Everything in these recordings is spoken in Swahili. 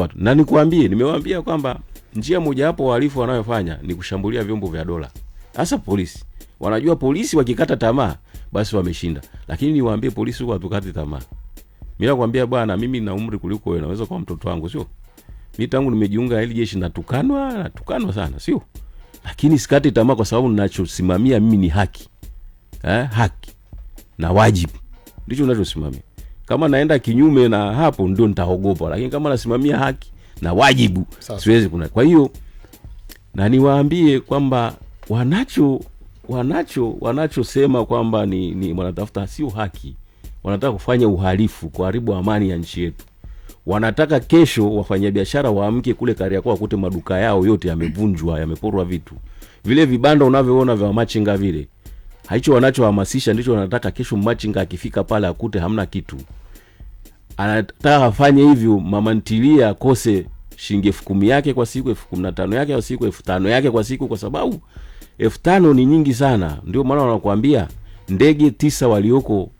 Watu. Na nikuambie, nimewambia kwamba njia mojawapo wahalifu wanayofanya ni kushambulia vyombo vya dola, hasa polisi. Wanajua polisi wakikata tamaa basi wameshinda, lakini niwaambie polisi huwa hatukati tamaa. Mimi nakwambia bwana, mimi na umri kuliko wewe, naweza kwa mtoto wangu, sio mimi. Tangu nimejiunga hili jeshi natukanwa, natukanwa sana, sio lakini sikati tamaa, kwa sababu ninachosimamia mimi ni haki eh, haki na wajibu ndicho ninachosimamia. Kama naenda kinyume na hapo, ndio nitaogopa, lakini kama nasimamia haki na wajibu siwezi kuna. Kwa hiyo na niwaambie kwamba wanacho wanacho wanachosema kwamba ni, ni wanatafuta sio haki, wanataka kufanya uhalifu, kuharibu amani ya nchi yetu. Wanataka kesho wafanyabiashara waamke kule Kariakoo wakute maduka yao yote yamevunjwa, yameporwa vitu, vile vibanda unavyoona vya machinga vile. Hicho wanachohamasisha ndicho wanataka kesho, machinga akifika pale akute hamna kitu anataka afanye hivyo, mama ntilia akose shilingi elfu kumi yake kwa siku, elfu kumi na tano yake kwa siku, elfu tano yake kwa siku, kwa sababu elfu tano ni nyingi sana. Ndio maana wanakuambia ndege tisa walioko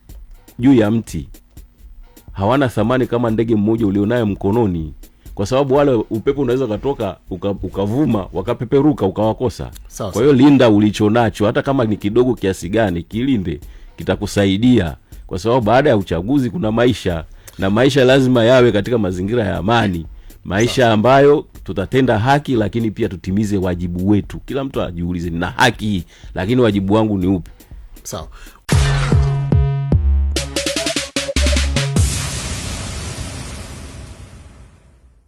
juu ya mti hawana thamani kama ndege mmoja ulionayo mkononi, kwa sababu wale upepo unaweza ukatoka ukavuma uka, wakapeperuka ukawakosa. Kwa hiyo linda ulichonacho, hata kama ni kidogo kiasi gani, kilinde, kitakusaidia kwa sababu baada ya uchaguzi kuna maisha na maisha lazima yawe katika mazingira ya amani, maisha ambayo tutatenda haki, lakini pia tutimize wajibu wetu. Kila mtu ajiulize, nina haki, lakini wajibu wangu ni upi? Sawa.